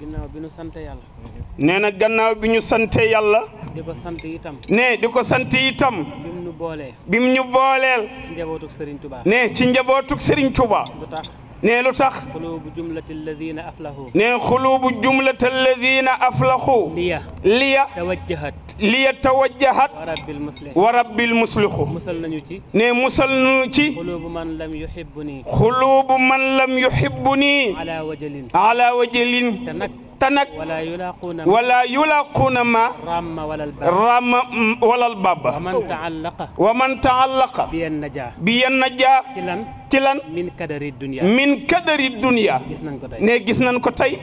ginnaaw bi sant yàlla. nee na gannaaw bi ñu sante yàlla. di ko sant itam. nee di ko sant itam. bim ñu booleel. bim ñu booleel. ci njabootuk Serigne nee ci njabootuk Serigne Touba. lu tax. nee lu tax. xulubu jumlati alladina aflahu. nee xulubu jumlati alladina aflahu. liya. liya. tawajjahat. liya tawajjahat. wa rabbil muslih. wa rabbil muslihu. musal nañu ci. nee musal nañu ci. xulubu man lam yuhibbuni. xulubu man lam yuhibbuni. ala wajalin. ala wajalin. te nag. te nag wala yulaquuna ma ramma walal babba wa man taallaqa bi yen najaa ci lan min kadari dunya ne gis nañ ko tey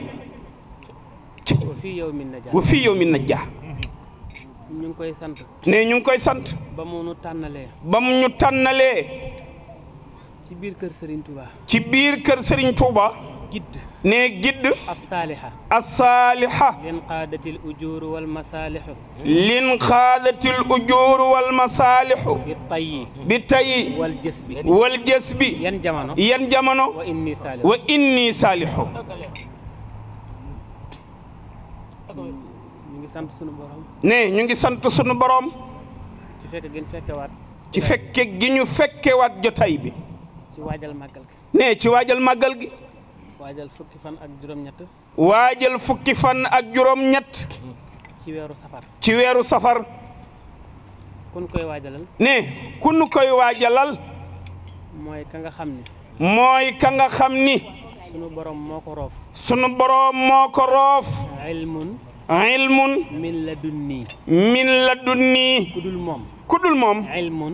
wa fii yow min najaa ñu ngi koy sant ne ñu ngi koy sant ba mu ñu tànnalee ba mu ñu tànnalee ci biir kër Serigne ci biir kër Serigne Touba gidd nee gidd assaaliha assaaliha lin qaadatil ujuur wal masaalihu lin qaadatil ujuur wal masaalihu bi tayyi bi wal jasbi yan jamono yan jamono wa inni saalihu ngi sant sunu nee ñu ngi sant sunu borom ci fekk gi ñu fekke gi ñu fekkewaat bi ci waajal nee ci waajal màggal gi waajal fukki fan ak juróom-ñett. waajal fukki fan ak juróom-ñett. ci weeru safar. ci weeru safar. kun koy waajalal. ne kun koy waajalal. mooy ka nga xam ni. mooy ka nga xam ni. sunu borom moo ko roof. sunu borom moo ko roof. ilmun. ilmun. min la dunni. min la dunni. moom. ku dul moom. ilmun.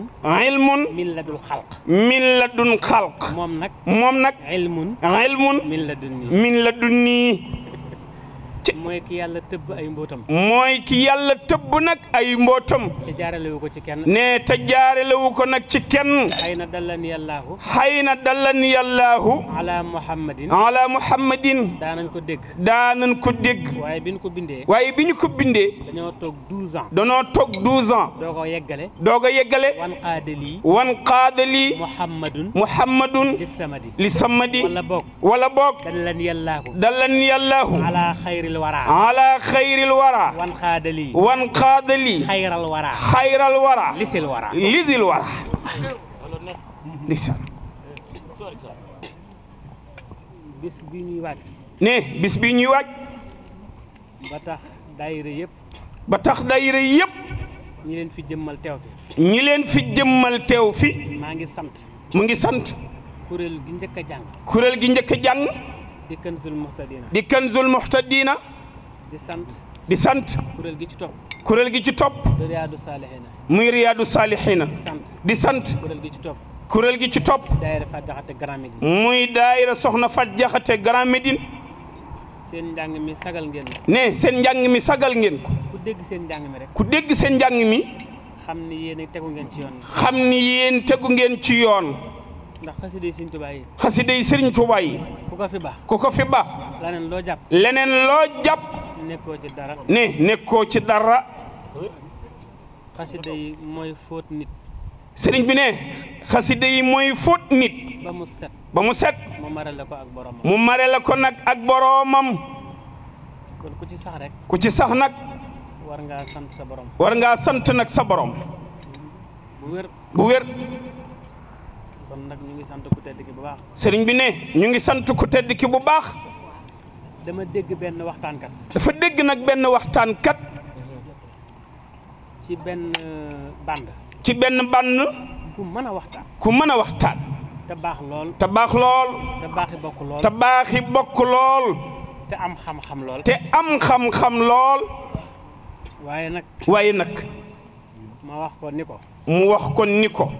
ilmun. min ladun xalq. min ladun xalq. moom nag. moom nag. ilmun. ilmun. min ladun nii. min ladun nii. ci mooy ki yàlla tëbb ay mbootam. mooy ki yàlla tëbb nag ay mbootam. te jaarelewu ko ci kenn. nee te jaarelewu ko nag ci kenn. xëy na dallani yàllaahu. xëy na dallani yàllaahu. ala muhammadin. ala muhammadin. daanañ ko dégg. daanañ ko dégg. waaye bi ñu ko bindee. waaye bi ñu ko bindee. dañoo toog douze ans. dañoo toog douze ans. doo ko yeggale. doo ko yeggale. wan qaadali. wan qaadali. li samadi. li samadi. wala boog. wala boog. dallani yàllaahu. wara ala xayril wara wan xaadali wan xayral wara xayral wara lisil wara lisil wara bis bi ñuy waaj ne bis bi ñuy waaj ba tax daayira yëpp ba ñi leen fi jëmmal teew fi ñi leen fi jëmmal teew fi maa ngi sant mu ngi sant kuréel gi njëkk a jàng kuréel gi njëkk a jàng di kanzul muhtadina di sant di sant. kuréel gi ci topp. kuréel gi ci topp. muy Riyaadu Saalihiina. muy Riyaadu Saalihiina. di sant di sant. kuréel gi ci topp. kuréel gi ci topp. daayira Fat Jaxate Grand Médine. muy daayira Soxna Fat Jaxate Grand Médine. seen njàng mi sagal ngeen ne seen njàng mi sagal ngeen ko. ku dégg seen njàng mi ku dégg seen njàng mi. xam ni yéen tegu ngeen ci yoon. xam ni yéen tegu ngeen ci yoon. ndax xasida yi Sëriñ Tuubaa yi. xasida yi Sëriñ ku ko fi leneen loo jàpp. nekkoo ci dara. ni nekkoo ci dara. xasida yi mooy fóot nit. sëriñ bi ne xasida yi mooy fóot nit. ba mu set ba mu set. mu mare la ko ak mu mare la ko nag ak boroomam kon ku ci sax rek. ku ci sax nag. war nga sant sa borom. war ngaa sant nag sa borom. bu wér ñu ngi sant sëriñ bi ne ñu ngi sant ku tedd ki bu baax. dama dégg benn waxtaankat. dafa dégg nag benn waxtaankat. ci benn euh, ci benn band. ku mën a waxtaan. ku mën a waxtaan. te baax lool. te baax lool. te baaxi bokk lool. te baaxi bokk lool. te am xam-xam lool. te am xam-xam lool. waaye nag. waaye nag. ma wax ko ni ko. mu wax ko ni ko.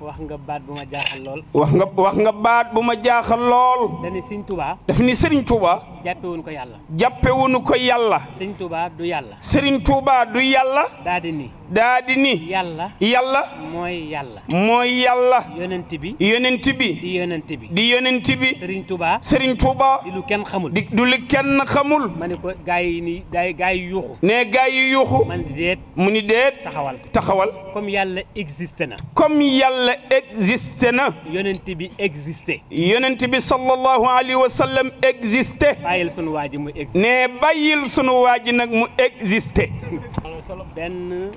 wax nga baat bu ma jaaxal lool. wax nga wax nga baat bu ma jaaxal lool. dañuy Sëriñ Tuubaa. daf ni Sëriñ Tuubaa. jàppewuñu ko yàlla. jàppe jàppewuñu ko yàlla. Sëriñ Tuubaa du yàlla. Sëriñ Tuubaa du yàlla. daa di daa di ni. yàlla. yàlla. mooy yàlla. mooy yàlla. yonent bi. yonent bi. di yonent bi. di yonent bi. Serigne Touba. Serigne Touba. di lu kenn xamul. di du lu kenn xamul. ma ne ko gaa yi nii day gaa yi yuuxu. ne gaa yi yuuxu. mu ni déet. taxawal taxawal. comme yàlla existé na. comme yàlla existé na. yonent bi existé. yonent bi sallallahu alayhi wa sallam existé. bàyyil sunu waa ji mu existé. ne bàyyil sunu waa ji nag mu existé.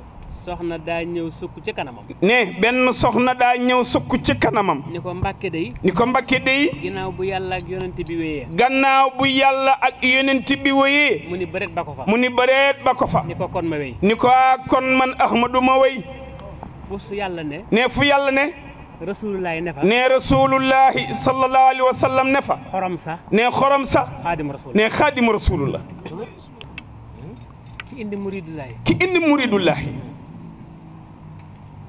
soxna daa ñëw sukk ci kanamam. ne benn soxna daa ñëw sukk ci kanamam. ni ko mbàkke day. ni ko mbàkke day. bu yàlla ak yonent bu yàlla ak yonent bi wéyee. mu ni bëreet ba ko fa. ko kon ma wéy. ni ah, man Ahmadu ma fu su yàlla ne. ne fu yàlla ne. rasulullahi ne fa. nee rasulullahi sallallahu alayhi wa sallam ne fa. xorom sa. nee xorom sa. xaadim rasul. nee xaadim ki indi muridullahi. ki indi muridullahi.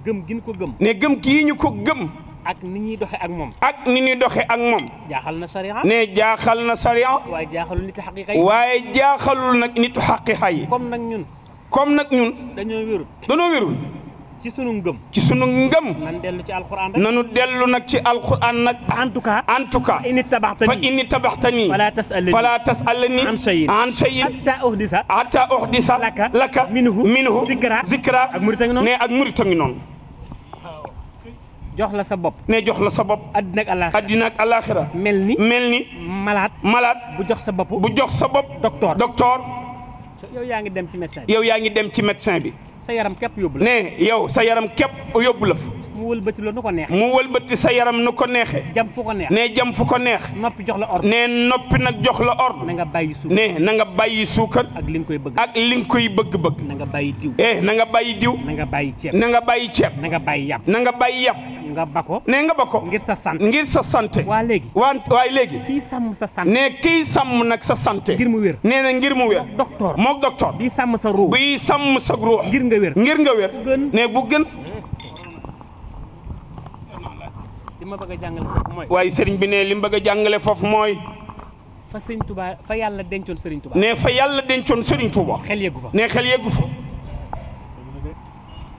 gëm gi ñu ko gëm. ne gëm kii ñu ko gëm. ak ni ñuy doxee ak moom. ak ni ñuy doxee ak moom. jaaxal na sariya. ne jaaxal na sariya. waaye jaaxalul nitu xaqiqa yi. waaye jaaxalul nag nitu xaqiqa yi. comme nag ñun. comme nag ñun. dañoo wérul. dañoo wérul. ci sunu ngëm. ci sunu ngëm. nanu dellu ci alxuraan nag nanu dellu nag ci alxuraan nag. en tout cas. en tout cas. fa inni tabaxtani fa inni tabaxtani. falaa tasalani falaa tasalani. an shay'in an shay'in. hatta uhdisa. hatta uhdisa. laka laka. minhu minhu. zikra zikra. ak murit a ngi noonu ne ak murit a ngi noonu. jox la sa bopp. ne jox la sa bopp. addina ak alaaxira addina ak alaaxira. mel ni mel ni. malaat malaat. bu jox sa bopp bu jox sa bopp. docteur docteur. yow yaa ngi dem ci médecin bi. yow yaa ngi dem ci médecin bi. sa yaram képp ne yow sa yaram képp yóbbu la wëlbati la nu ko neex. mu wëlbati sa yaram nu ko neexee. jam fu ko neex ne fu ko neex. noppi jox la ordre ne noppi nag jox la ordre. na nga bàyyi suukar ne nanga nga bàyyi suukar. ak li nga koy bëgg li nga koy bëgg-bëgg. na nga bàyyi diw eh na bàyyi diw. na nga bàyyi ceeb na nga bàyyi ceeb. na nga bàyyi yàpp na nga bàyyi yàpp. nga bako ne nga bako ngir sa sant ngir sa sante waa léegi waa waaye léegi kii sàmm sa sant ne kii sàmm nag sa sante ngir mu wér nee na ngir mu wér docteur moo docteur bii sàmm sa ruux bii sàmm sa ruux ngir nga wér ngir nga wér ne bu gën ma bëgg a jàngale foofu mooy. waaye sëriñ bi ne li mu bëgg a jàngale foofu mooy. fa sëriñ Touba fa yàlla dencoon sëriñ Touba. ne fa yàlla dencoon sëriñ Touba. xel yeggu fa ne xel yeggu fa.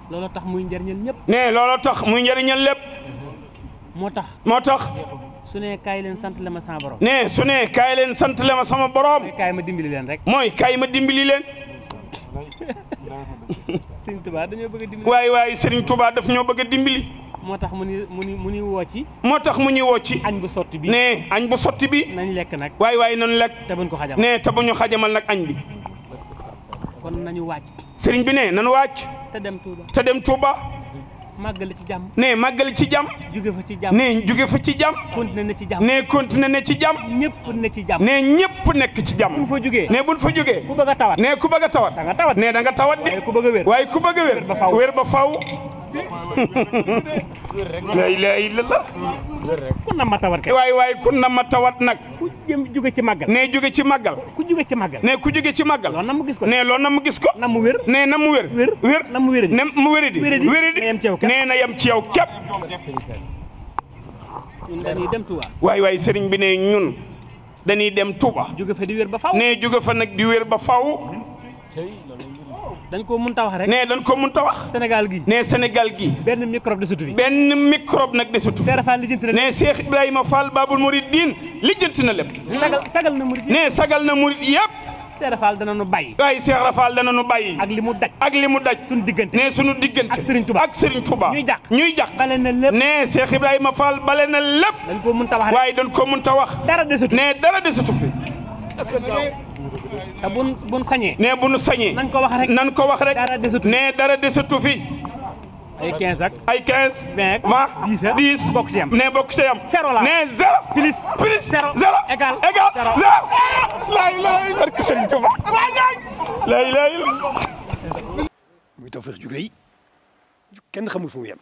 looloo tax muy njëriñal ñëpp. ne looloo tax muy njariñal lépp. moo tax moo tax. su ne kaay leen sant la ma sama borom. ne su ne kaay leen sant la ma sama borom. mooy kaay ma dimbali leen rek. mooy kaay ma dimbali leen. sëriñ Touba dañoo bëgg a dimbali. waaye waaye sëriñ Touba daf ñoo bëgg a dimbali. moo tax mu ni mu ni mu ni woo ci. moo tax mu ñuy woo ci. añ bu sotti bi nee añ bu sotti bi. nañ lekk nag. waaye waaye nañ lekk. te buñ ko xajamal nee te buñu xajamal nag añ bi. kon nañu wàcc. sëriñ bi ne nañu wàcc. te dem Touba te dem Touba. màggali ci jàmm. nee màggali ci jàmm. jóge fa ci jàmm nee jóge fa ci jàmm. continué na ci jàmm nee continué na ci jàmm. ñëpp ne ci jàmm. nee ñëpp nekk ci jàmm. bu fa jógee nee bu fa jógee. ku bëgg a tawat nee ku bëgg a tawat. da nga tawat nee da nga tawat de. waaye ku bëgg a wér waaye ku bëgg a wér. wér ba faaw. la ilaha illallah na ma tawat kay waay waay ku na ma tawat nag ku jóge ci màggal ne jóge ci màggal ku jóge ci màggal ne ku jóge ci màggal loolu na mu gis ko nee loolu na mu gis ko na mu wér ne na mu wér wér na mu wéradi ne mu wéradi wéradi ne na yem ci yow képp ñun dañuy dem Touba waay waay sëriñ bi ne ñun dañuy dem Touba jóge fa di wér jóge fa nag di wér ba faw dañ ko mënta wax rek. nee dañ ko mënta wax. Sénégal gi nee Sénégal gi. benn microbe desatu fi. benn microbe nag desatu fi. Seera Fall lijjanti na lépp nee Cheikh Ibrahima Fall na lépp. sagal sagal na murid nee sagal na murid yëpp. Seera Fall dana nu bàyyi. waaye Seera Fall dana nu bàyyi. ak li mu daj ak li mu daj. sunu diggante nee sunu diggante. ak Serigne Touba ak Serigne Touba. ñuy jàq ñuy jàq. bale na lépp nee Cheikh Ibrahima Fall bale na lépp. dañ ko mënta wax rek waaye dañ ko mënta wax. dara desatu fi nee dara desatu fi. te buñ buñ sañee. nee buñ sañee. nañ ko wax rek nañ ko wax rek. dara desatu nee dara desatu fi. ay 15 ak. ay 15. 20 ak 10 10 bokk ci yam. nee bokk ci yam. zéro la nee zéro. plus plus zéro. zéro égal égal zéro. lay lay barke Sëriñ Tuuba. lay lay. muy tawfeex ju rëy kenn xamul fu mu yem.